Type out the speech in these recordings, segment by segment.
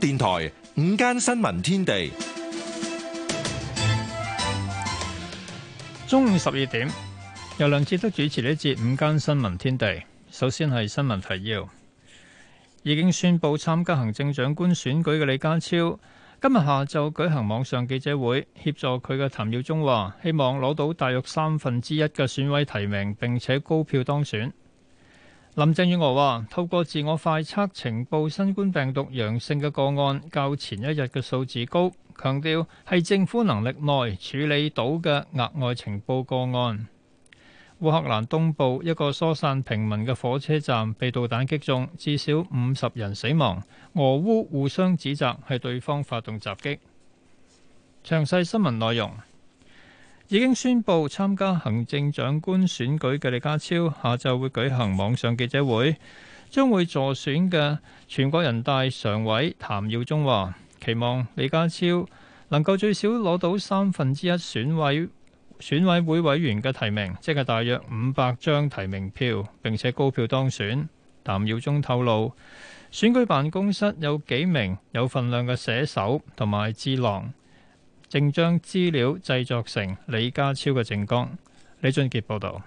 電台午間新聞天地，中午十二點由梁志德主持呢節午間新聞天地。首先係新聞提要，已經宣布參加行政長官選舉嘅李家超，今日下晝舉行網上記者會，協助佢嘅譚耀宗話，希望攞到大約三分之一嘅選委提名，並且高票當選。林鄭月娥話：透過自我快測，呈報新冠病毒陽性嘅個案較前一日嘅數字高，強調係政府能力內處理到嘅額外呈報個案。烏克蘭東部一個疏散平民嘅火車站被導彈擊中，至少五十人死亡。俄烏互相指責係對方發動襲擊。詳細新聞內容。已經宣布參加行政長官選舉嘅李家超，下晝會舉行網上記者會。將會助選嘅全國人大常委譚耀宗話：期望李家超能夠最少攞到三分之一選委選委會委員嘅提名，即係大約五百張提名票，並且高票當選。譚耀宗透露，選舉辦公室有幾名有份量嘅寫手同埋智囊。並將資料製作成李家超嘅政綱。李俊傑報導，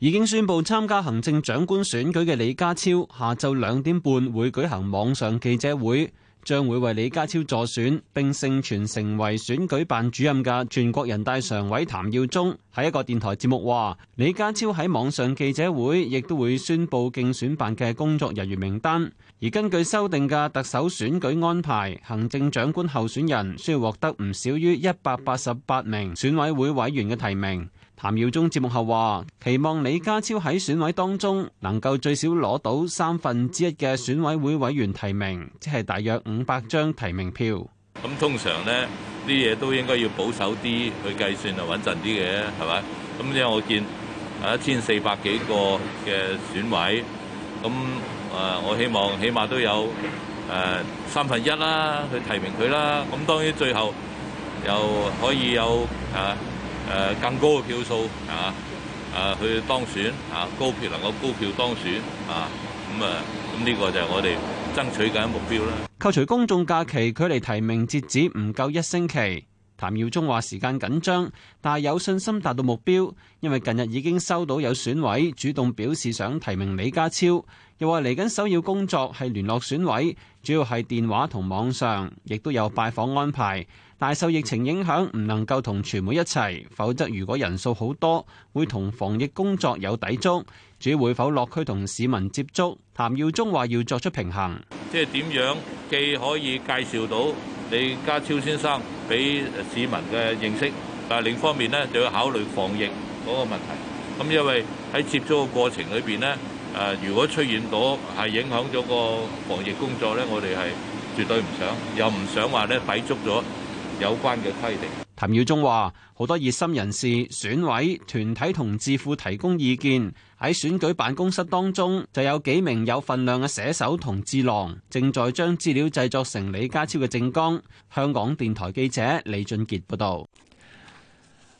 已經宣佈參加行政長官選舉嘅李家超，下晝兩點半會舉行網上記者會，將會為李家超助選。並盛傳成為選舉辦主任嘅全國人大常委譚耀宗喺一個電台節目話：李家超喺網上記者會亦都會宣佈競選辦嘅工作人員名單。而根據修訂嘅特首選舉安排，行政長官候選人需要獲得唔少於一百八十八名選委會委員嘅提名。譚耀宗節目後話：期望李家超喺選委當中能夠最少攞到三分之一嘅選委會委員提名，即係大約五百張提名票。咁通常呢啲嘢都應該要保守啲去計算，係穩陣啲嘅，係咪？咁因為我見一千四百幾個嘅選委。咁啊、嗯，我希望起碼都有誒、呃、三分一啦，去提名佢啦。咁、嗯、當然最後又可以有啊誒、啊、更高嘅票數啊啊，去當選啊，高票能夠高票當選啊。咁啊，咁、嗯、呢、這個就係我哋爭取緊目標啦。扣除公眾假期，距離提名截止唔夠一星期。譚耀宗話時間緊張，但係有信心達到目標，因為近日已經收到有選委主動表示想提名李家超，又話嚟緊首要工作係聯絡選委，主要係電話同網上，亦都有拜訪安排。但受疫情影響，唔能夠同傳媒一齊，否則如果人數好多，會同防疫工作有抵觸。主要會否落區同市民接觸？譚耀宗話要作出平衡，即係點樣既可以介紹到。李家超先生俾市民嘅認識，但係另一方面呢，就要考慮防疫嗰個問題。咁因為喺接觸嘅過程裏邊呢，誒、呃、如果出現到係影響咗個防疫工作呢，我哋係絕對唔想，又唔想話咧抵觸咗有關嘅規定。譚耀宗話，好多熱心人士選委、團體同智庫提供意見喺選舉辦公室當中，就有幾名有份量嘅寫手同智囊正在將資料製作成李家超嘅政綱。香港電台記者李俊杰報道。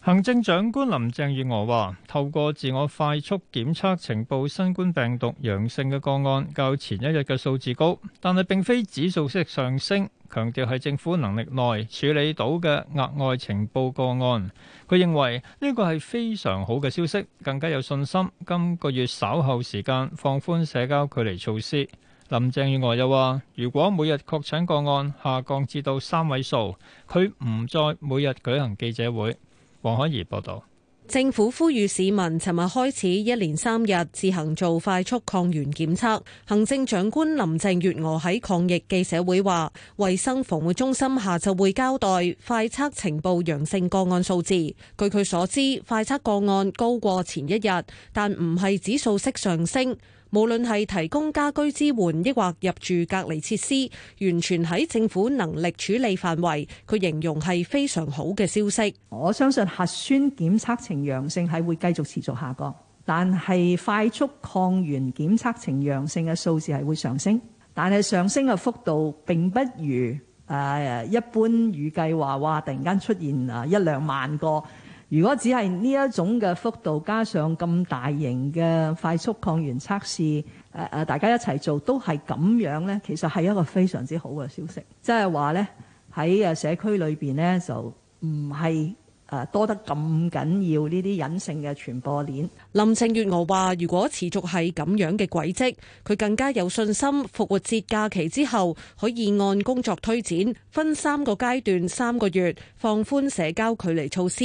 行政長官林鄭月娥話：透過自我快速檢測，呈報新冠病毒陽性嘅個案較前一日嘅數字高，但係並非指數式上升。強調係政府能力內處理到嘅額外情報個案。佢認為呢個係非常好嘅消息，更加有信心今個月稍後時間放寬社交距離措施。林鄭月娥又話：如果每日確診個案下降至到三位數，佢唔再每日舉行記者會。黃海怡報道，政府呼籲市民尋日開始一連三日自行做快速抗原檢測。行政長官林鄭月娥喺抗疫記者會話，衛生防護中心下晝會交代快測呈報陽性個案數字。據佢所知，快測個案高過前一日，但唔係指數式上升。無論係提供家居支援，抑或入住隔離設施，完全喺政府能力處理範圍。佢形容係非常好嘅消息。我相信核酸檢測呈陽性係會繼續持續下降，但係快速抗原檢測呈陽性嘅數字係會上升。但係上升嘅幅度並不如誒一般預計話哇，突然間出現啊一兩萬個。如果只係呢一種嘅幅度，加上咁大型嘅快速抗原測試，呃呃，大家一齊做都係咁樣咧，其實係一個非常之好嘅消息，即係話咧喺社區裏面咧就唔係。誒多得咁緊要呢啲隱性嘅傳播鏈。林鄭月娥話，如果持續係咁樣嘅軌跡，佢更加有信心復活節假期之後可以按工作推展，分三個階段三個月放寬社交距離措施。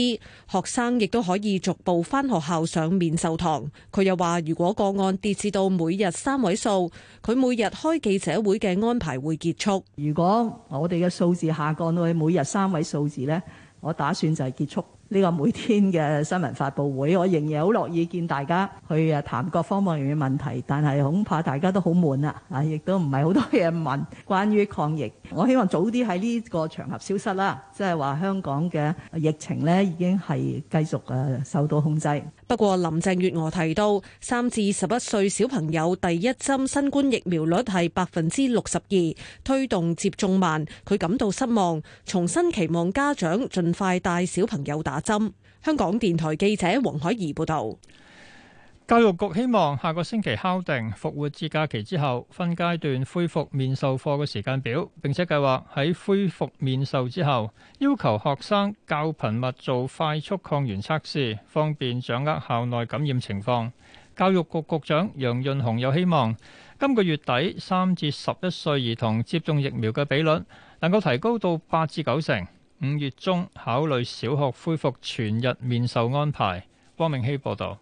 學生亦都可以逐步翻學校上面授堂。佢又話，如果個案跌至到每日三位數，佢每日開記者會嘅安排會結束。如果我哋嘅數字下降到去每日三位數字呢，我打算就係結束呢個每天嘅新聞發佈會，我仍然好樂意見大家去誒談各方面嘅問題，但係恐怕大家都好悶啦，啊，亦都唔係好多嘢問關於抗疫，我希望早啲喺呢個場合消失啦，即係話香港嘅疫情呢已經係繼續受到控制。不過，林鄭月娥提到三至十一歲小朋友第一針新冠疫苗率係百分之六十二，推動接種慢，佢感到失望，重新期望家長盡快帶小朋友打針。香港電台記者黃海怡報道。教育局希望下個星期敲定復活節假期之後分階段恢復面授課嘅時間表，並且計劃喺恢復面授之後要求學生較頻密做快速抗原測試，方便掌握校內感染情況。教育局局長楊潤雄又希望今個月底三至十一歲兒童接種疫苗嘅比率能夠提高到八至九成。五月中考慮小學恢復全日面授安排。汪明希報導。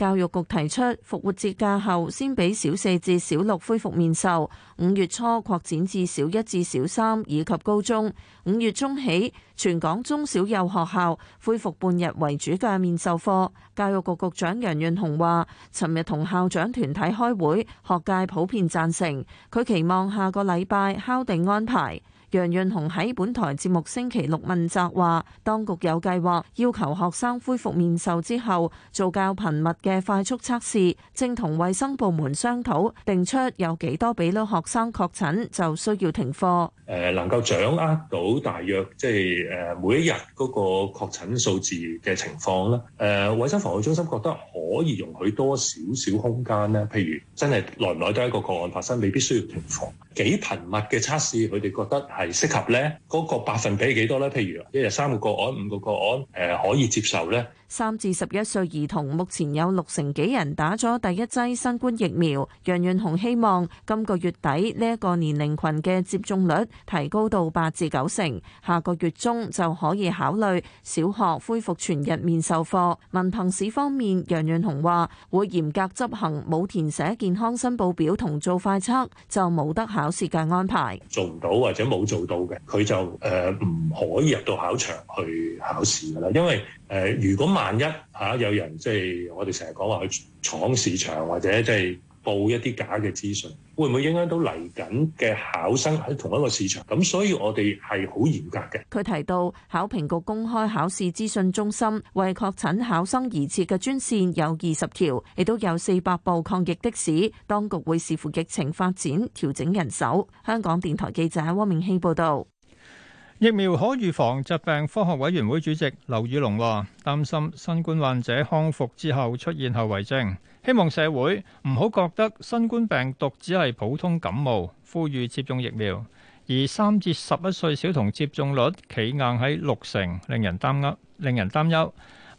教育局提出復活節假後先俾小四至小六恢復面授，五月初擴展至小一至小三以及高中。五月中起，全港中小幼學校恢復半日為主嘅面授課。教育局局長楊潤雄話，尋日同校長團體開會，學界普遍贊成，佢期望下個禮拜敲定安排。楊潤雄喺本台節目星期六問責話，當局有計劃要求學生恢復面授之後做較頻密嘅快速測試，正同衛生部門商討定出有幾多比率學生確診就需要停課。誒，能夠掌握到大約即係誒每一日嗰個確診數字嘅情況啦。誒，衛生防護中心覺得可以容許多少少空間咧，譬如真係耐唔耐都一個個案發生，未必需要停課。幾頻密嘅測試，佢哋覺得。係適合咧，嗰、那個百分比係幾多咧？譬如一日三個個案，五個個案，誒、呃、可以接受咧。三至十一歲兒童目前有六成幾人打咗第一劑新冠疫苗。楊潤雄希望今個月底呢一個年齡群嘅接種率提高到八至九成，下個月中就可以考慮小學恢復全日面授課。文憑試方面，楊潤雄話會嚴格執行，冇填寫健康申報表同做快測就冇得考試嘅安排。做唔到或者冇做到嘅，佢就誒、呃、唔可以入到考場去考試噶啦，因為。誒，如果萬一嚇有人即係、就是、我哋成日講話去闖市場或者即係報一啲假嘅資訊，會唔會影響到嚟緊嘅考生喺同一個市場？咁所以我哋係好嚴格嘅。佢提到考評局公開考試資訊中心為確診考生而設嘅專線有二十條，亦都有四百部抗疫的士。當局會視乎疫情發展調整人手。香港電台記者汪明希報導。疫苗可預防疾病，科學委員會主席劉宇龍話：擔心新冠患者康復之後出現後遺症，希望社會唔好覺得新冠病毒只係普通感冒，呼籲接種疫苗。而三至十一歲小童接種率企硬喺六成，令人擔憂。令人擔憂。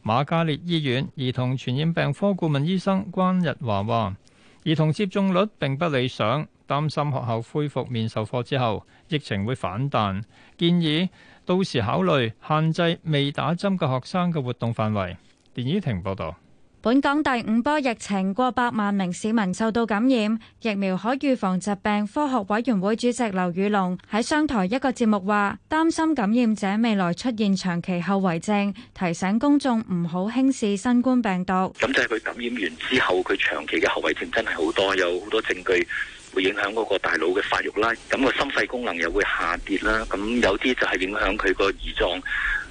瑪嘉烈醫院兒童傳染病科顧問醫生關日華話：兒童接種率並不理想，擔心學校恢復面授課之後。疫情會反彈，建議到時考慮限制未打針嘅學生嘅活動範圍。連綺婷報道。本港第五波疫情過百萬名市民受到感染，疫苗可預防疾病科學委員會主席劉宇隆喺商台一個節目話，擔心感染者未來出現長期後遺症，提醒公眾唔好輕視新冠病毒。咁就係佢感染完之後，佢長期嘅後遺症真係好多，有好多證據。會影響嗰個大腦嘅發育啦，咁個心肺功能又會下跌啦，咁有啲就係影響佢個胰臟，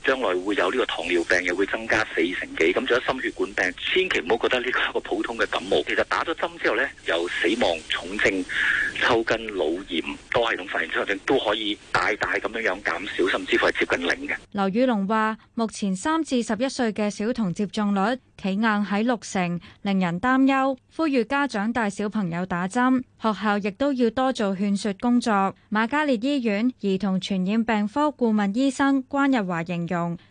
將來會有呢個糖尿病，又會增加四成幾，咁仲有心血管病，千祈唔好覺得呢個係一個普通嘅感冒。其實打咗針之後呢，有死亡、重症、抽筋、腦炎、多系統發炎之後，都都可以大大咁樣樣減少，甚至乎係接近零嘅。劉宇龍話：目前三至十一歲嘅小童接種率，企硬喺六成，令人擔憂，呼籲家長帶小朋友打針，學校亦都要多做勸說工作。瑪嘉烈醫院兒童傳染病科顧問醫生關日華形容。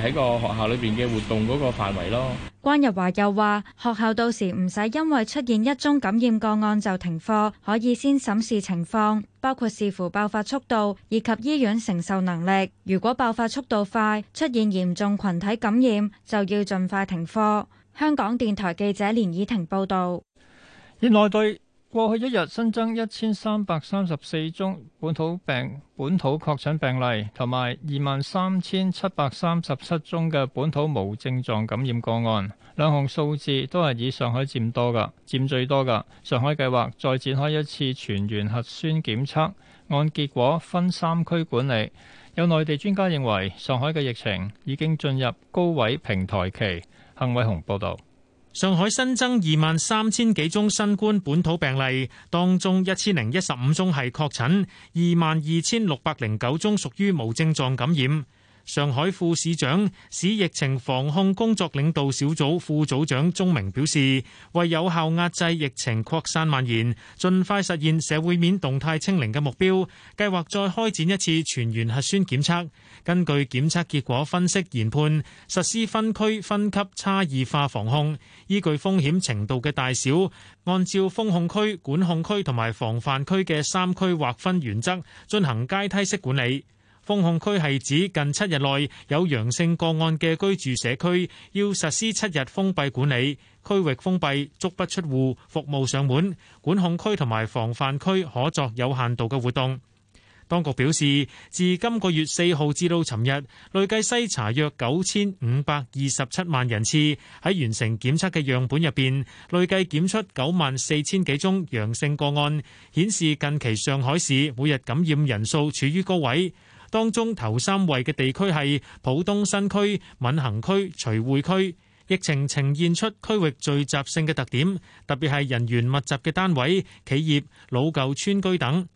喺個學校裏邊嘅活動嗰個範圍咯。關日華又話：學校到時唔使因為出現一宗感染個案就停課，可以先審視情況，包括視乎爆發速度以及醫院承受能力。如果爆發速度快，出現嚴重群體感染，就要盡快停課。香港電台記者連以婷報導。業內對過去一日新增一千三百三十四宗本土病本土確診病例，同埋二萬三千七百三十七宗嘅本土無症狀感染個案，兩項數字都係以上海佔多噶，佔最多噶。上海計劃再展開一次全員核酸檢測，按結果分三區管理。有內地專家認為，上海嘅疫情已經進入高位平台期。幸偉雄報道。上海新增二萬三千幾宗新冠本土病例，當中一千零一十五宗係確診，二萬二千六百零九宗屬於無症狀感染。上海副市長、市疫情防控工作領導小組副組長鍾明表示，為有效壓制疫情擴散蔓延，盡快實現社會面動態清零嘅目標，計劃再開展一次全員核酸檢測。根據檢測結果分析研判，實施分區分級差異化防控，依據風險程度嘅大小，按照封控區、管控區同埋防範區嘅三區劃分原則進行階梯式管理。封控區係指近七日內有陽性個案嘅居住社區，要實施七日封閉管理，區域封閉足不出戶，服務上門，管控區同埋防範區可作有限度嘅活動。當局表示，自今個月四號至到尋日，累計篩查約九千五百二十七萬人次，喺完成檢測嘅樣本入邊，累計檢出九萬四千幾宗陽性個案，顯示近期上海市每日感染人數處於高位。當中頭三位嘅地區係浦東新區、閔行區、徐匯區。疫情呈現出區域聚集性嘅特點，特別係人員密集嘅單位、企業、老舊村居等。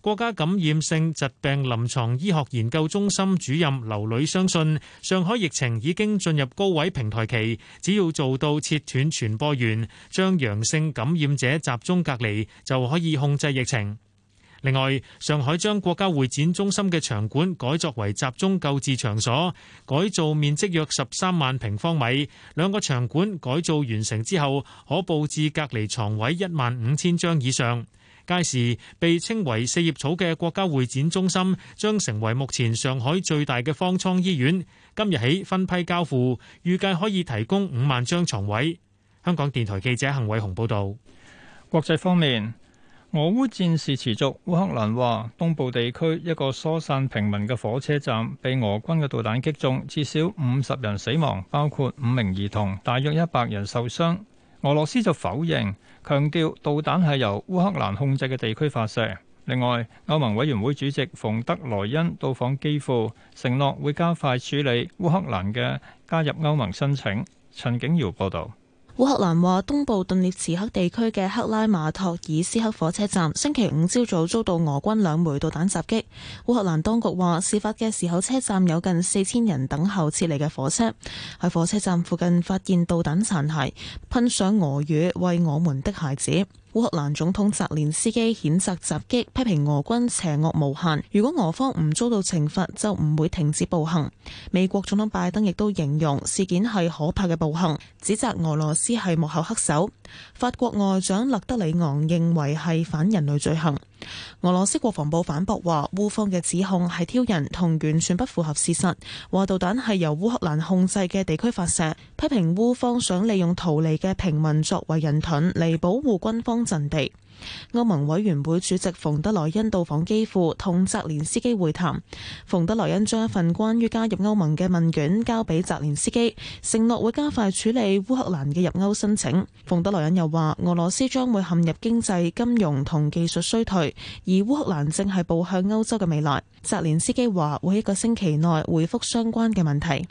國家感染性疾病臨床醫學研究中心主任劉磊相信，上海疫情已經進入高位平台期，只要做到切斷傳播源，將陽性感染者集中隔離，就可以控制疫情。另外，上海將國家會展中心嘅場館改作為集中救治場所，改造面積約十三萬平方米。兩個場館改造完成之後，可佈置隔離床位一萬五千張以上。屆時被稱為四葉草嘅國家會展中心將成為目前上海最大嘅方艙醫院。今日起分批交付，預計可以提供五萬張床位。香港電台記者幸偉雄報道。國際方面。俄烏戰事持續，烏克蘭話東部地區一個疏散平民嘅火車站被俄軍嘅導彈擊中，至少五十人死亡，包括五名兒童，大約一百人受傷。俄羅斯就否認，強調導彈係由烏克蘭控制嘅地區發射。另外，歐盟委員會主席馮德萊恩到訪基輔，承諾會加快處理烏克蘭嘅加入歐盟申請。陳景堯報道。烏克蘭話東部頓涅茨克地區嘅克拉馬托爾斯克火車站，星期五朝早遭到俄軍兩枚導彈襲擊。烏克蘭當局話，事發嘅時候車站有近四千人等候撤離嘅火車，喺火車站附近發現導彈殘骸，噴上俄語：為我們的孩子。烏克蘭總統澤連斯基譴責襲擊，批評俄軍邪惡無限。如果俄方唔遭到懲罰，就唔會停止暴行。美國總統拜登亦都形容事件係可怕嘅暴行，指責俄羅斯係幕後黑手。法國外長勒德里昂認為係反人類罪行。俄羅斯國防部反駁話，烏方嘅指控係挑釁同完全不符合事實，話導彈係由烏克蘭控制嘅地區發射，批評烏方想利用逃離嘅平民作為人盾嚟保護軍方陣地。歐盟委員會主席馮德萊恩到訪基輔，同澤連斯基會談。馮德萊恩將一份關於加入歐盟嘅問卷交俾澤連斯基，承諾會加快處理烏克蘭嘅入歐申請。馮德萊恩又話，俄羅斯將會陷入經濟、金融同技術衰退，而烏克蘭正係步向歐洲嘅未來。澤連斯基話會一個星期內回復相關嘅問題。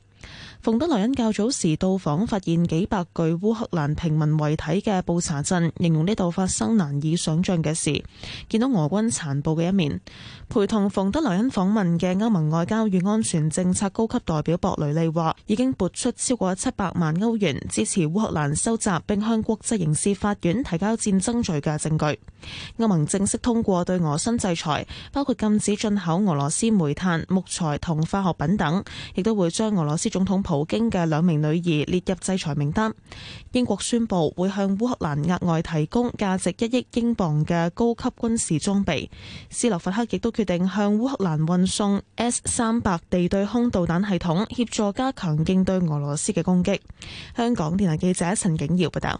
馮德萊恩較早時到訪，發現幾百具烏克蘭平民遺體嘅布查鎮，形容呢度發生難以想象嘅事，見到俄軍殘暴嘅一面。陪同馮德萊恩訪問嘅歐盟外交與安全政策高級代表博雷利話，已經撥出超過七百萬歐元支持烏克蘭收集並向國際刑事法院提交戰爭罪嘅證據。歐盟正式通過對俄新制裁，包括禁止進口俄羅斯煤炭、木材同化學品等，亦都會將俄羅斯總統普普京嘅兩名女兒列入制裁名單。英國宣布會向烏克蘭額外提供價值一億英鎊嘅高級軍事裝備。斯洛伐克亦都決定向烏克蘭運送 S 三百地對空導彈系統，協助加強應對俄羅斯嘅攻擊。香港電台記者陳景耀報道。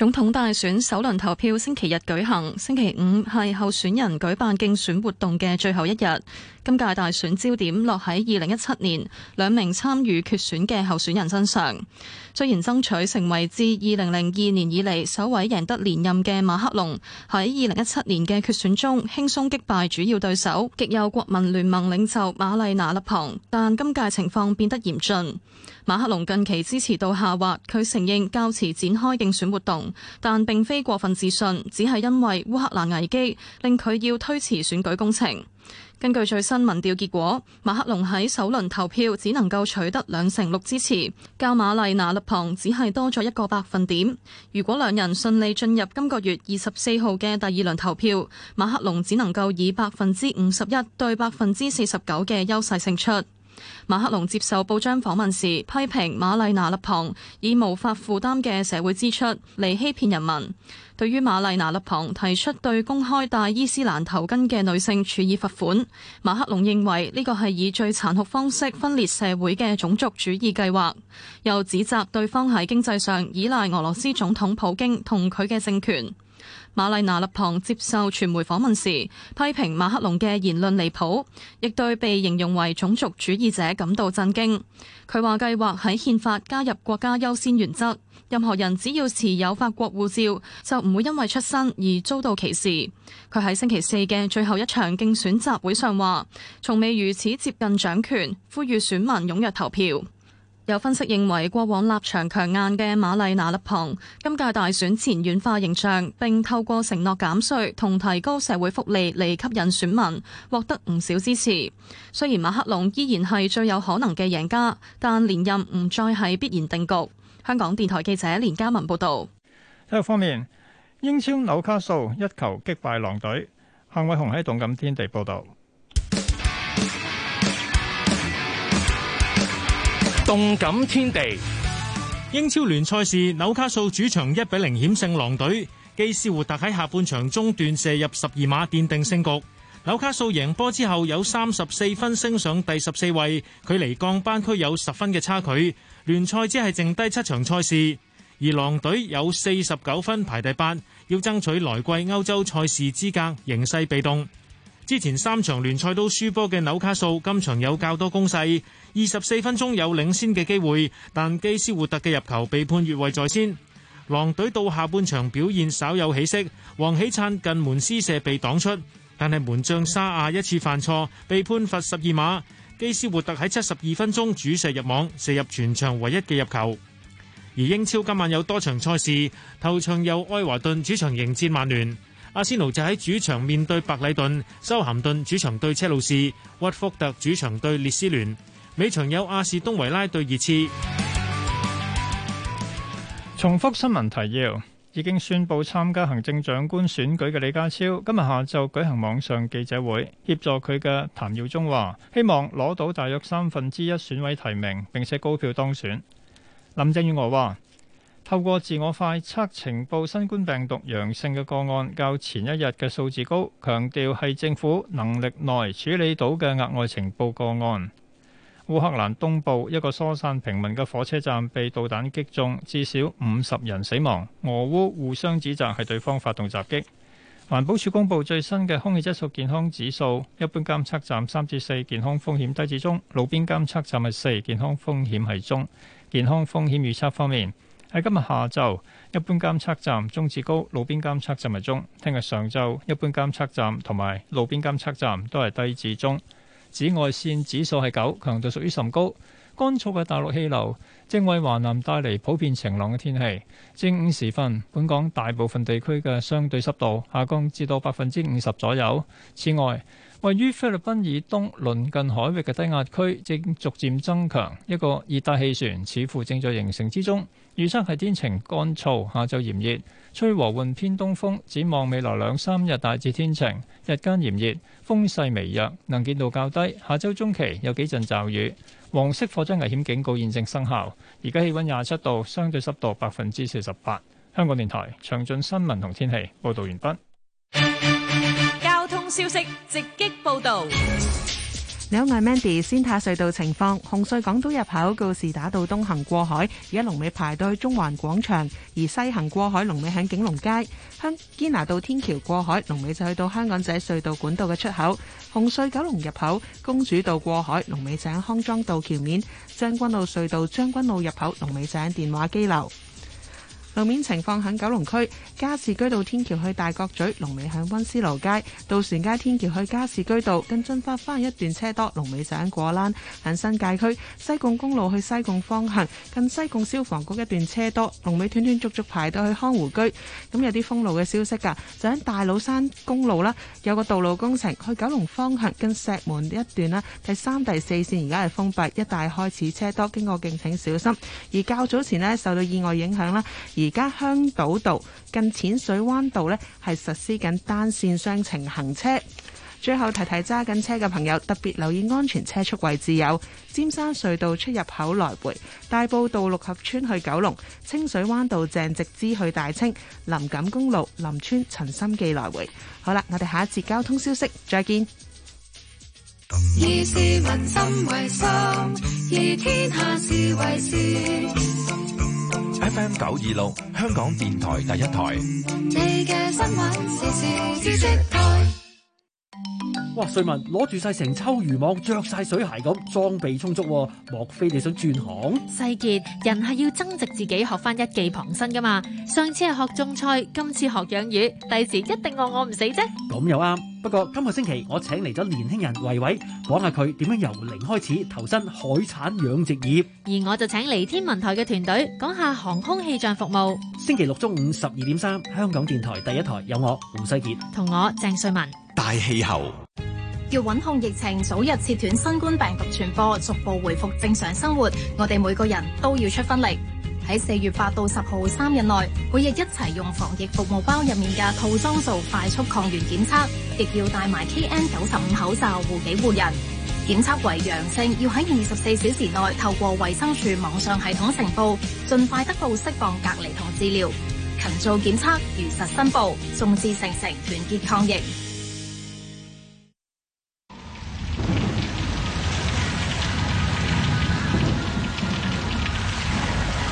總統大選首輪投票星期日舉行，星期五係候選人舉辦競選活動嘅最後一日。今屆大選焦點落喺二零一七年兩名參與決選嘅候選人身上，雖然爭取成為自二零零二年以嚟首位贏得連任嘅馬克龍，喺二零一七年嘅決選中輕鬆擊敗主要對手極右國民聯盟領袖瑪麗娜勒龐，但今屆情況變得嚴峻。馬克龍近期支持度下滑，佢承認較遲展開競選活動，但並非過分自信，只係因為烏克蘭危機令佢要推遲選舉工程。根據最新民調結果，馬克龍喺首輪投票只能夠取得兩成六支持，較瑪麗娜勒龐只係多咗一個百分點。如果兩人順利進入今個月二十四號嘅第二輪投票，馬克龍只能夠以百分之五十一對百分之四十九嘅優勢勝出。馬克龍接受報章訪問時，批評瑪麗娜勒龐以無法負擔嘅社會支出嚟欺騙人民。對於瑪麗娜勒龐提出對公開戴伊斯蘭頭巾嘅女性處以罰款，馬克龍認為呢個係以最殘酷方式分裂社會嘅種族主義計劃，又指責對方喺經濟上依賴俄羅斯總統普京同佢嘅政權。瑪麗娜勒龐接受傳媒訪問時，批評馬克龍嘅言論離譜，亦對被形容為種族主義者感到震驚。佢話計劃喺憲法加入國家優先原則，任何人只要持有法國護照，就唔會因為出身而遭到歧視。佢喺星期四嘅最後一場競選集會上話，從未如此接近掌權，呼籲選民踴躍投票。有分析認為，過往立場強硬嘅馬麗娜勒龐，今屆大選前軟化形象，並透過承諾減稅同提高社會福利嚟吸引選民，獲得唔少支持。雖然馬克龍依然係最有可能嘅贏家，但連任唔再係必然定局。香港電台記者連嘉文報道。體育方面，英超紐卡素一球擊敗狼隊。彭偉雄喺動感天地報道。動感天地，英超聯賽事紐卡素主場一比零險勝狼隊，基斯胡特喺下半場中段射入十二碼奠定勝局。紐卡素贏波之後有三十四分升上第十四位，距離降班區有十分嘅差距。聯賽只係剩低七場賽事，而狼隊有四十九分排第八，要爭取來季歐洲賽事資格，形勢被動。之前三場聯賽都輸波嘅紐卡素，今場有較多攻勢，二十四分鐘有領先嘅機會，但基斯活特嘅入球被判越位在先。狼隊到下半場表現稍有起色，黃喜燦近門施射被擋出，但係門將沙亞一次犯錯被判罰十二碼，基斯活特喺七十二分鐘主射入網，射入全場唯一嘅入球。而英超今晚有多場賽事，頭場有愛華頓主場迎戰曼聯。阿仙奴就喺主場面對白禮頓，修咸頓主場對車路士，屈福特主場對列斯聯。尾場有阿士東維拉對熱刺。重複新聞提要：已經宣布參加行政長官選舉嘅李家超，今日下晝舉行網上記者會，協助佢嘅譚耀宗話，希望攞到大約三分之一選委提名，並且高票當選。林鄭月娥話。透過自我快測，呈報新冠病毒陽性嘅個案較前一日嘅數字高，強調係政府能力內處理到嘅額外呈報個案。烏克蘭東部一個疏散平民嘅火車站被導彈擊中，至少五十人死亡。俄烏互相指責係對方發動襲擊。環保署公布最新嘅空氣質素健康指數，一般監測站三至四健康風險低至中，路邊監測站係四健康風險係中。健康風險預測方面。喺今日下晝，一般監測站中至高，路邊監測站係中。聽日上晝，一般監測站同埋路邊監測站都係低至中。紫外線指數係九，強度屬於甚高。乾燥嘅大陸氣流正為華南帶嚟普遍晴朗嘅天氣。正午時分，本港大部分地區嘅相對濕度下降至到百分之五十左右。此外，位於菲律賓以東鄰近海域嘅低壓區正逐漸增強，一個熱帶氣旋似乎正在形成之中。預測係天晴乾燥，下晝炎熱，吹和緩偏東風。展望未來兩三日大致天晴，日間炎熱，風勢微弱，能見度較低。下周中期有幾陣驟雨，黃色火災危險警告現正生效。而家氣溫廿七度，相對濕度百分之四十八。香港電台詳盡新聞同天氣報道完畢。交通消息直擊報道。你有嗌 Mandy，先睇下隧道情況，紅隧港島入口告示打到東行過海，而家龍尾排到中環廣場；而西行過海龍尾喺景隆街，香堅拿道天橋過海龍尾就去到香港仔隧道管道嘅出口。紅隧九龍入口公主道過海龍尾井康莊道橋面，將軍澳隧道將軍澳入口龍尾井電話機樓。路面情況喺九龍區加士居道天橋去大角咀，龍尾喺溫思勞街；渡船街天橋去加士居道，近進發翻一段車多，龍尾上果欄。喺新界區西貢公路去西貢方向，近西貢消防局一段車多，龍尾斷斷續續排到去康湖居。咁有啲封路嘅消息㗎，就喺大老山公路啦，有個道路工程去九龍方向，跟石門一段啦，第三、第四線而家係封閉，一帶開始車多，經過敬請小心。而較早前呢，受到意外影響啦。而家香島道近淺水灣道呢，係實施緊單線雙程行車。最後提提揸緊車嘅朋友，特別留意安全車速位置有：尖山隧道出入口來回、大埔道六合村去九龍、清水灣道鄭植之去大清、林錦公路林村陳心記來回。好啦，我哋下一節交通消息再見。以市民心為心，以天下事為事。FM 九二六香港電台第一台。你嘅新聞哇！瑞文攞住晒成抽漁網，着晒水鞋咁，裝備充足啊。莫非你想轉行？世杰，人係要增值自己，學翻一技傍身噶嘛。上次係學種菜，今次學養魚，第時一定餓我唔死啫。咁又啱。不過今個星期我請嚟咗年輕人維維，講下佢點樣由零開始投身海產養殖業。而我就請嚟天文台嘅團隊講下航空氣象服務。星期六中午十二點三，3，香港電台第一台有我胡世傑同我鄭瑞文。大氣候，要穩控疫情，早日切斷新冠病毒傳播，逐步回復正常生活，我哋每個人都要出分力。喺四月八到十號三日內，每日一齊用防疫服務包入面嘅套裝做快速抗原檢測，亦要戴埋 KN 九十五口罩護己護人。檢測為陽性，要喺二十四小時內透過衛生署網上系統呈報，盡快得到釋放隔離同治療。勤做檢測，如實申報，眾志成城，團結抗疫。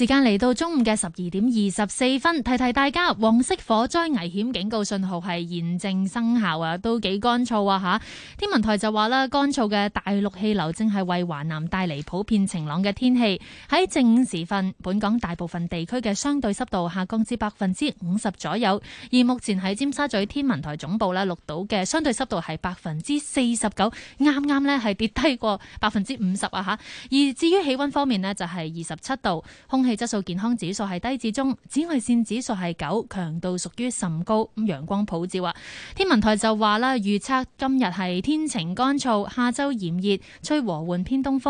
時間嚟到中午嘅十二點二十四分，提提大家，黃色火災危險警告信號係現正生效啊，都幾乾燥啊吓。天文台就話啦，乾燥嘅大陸氣流正係為華南帶嚟普遍晴朗嘅天氣。喺正午時分，本港大部分地區嘅相對濕度下降至百分之五十左右，而目前喺尖沙咀天文台總部呢，錄到嘅相對濕度係百分之四十九，啱啱呢係跌低過百分之五十啊吓。而至於氣溫方面呢，就係二十七度，空氣氣質素健康指數係低至中，紫外綫指數係九，強度屬於甚高。咁陽光普照，啊，天文台就話啦，預測今日係天晴乾燥，下周炎熱，吹和緩偏東風。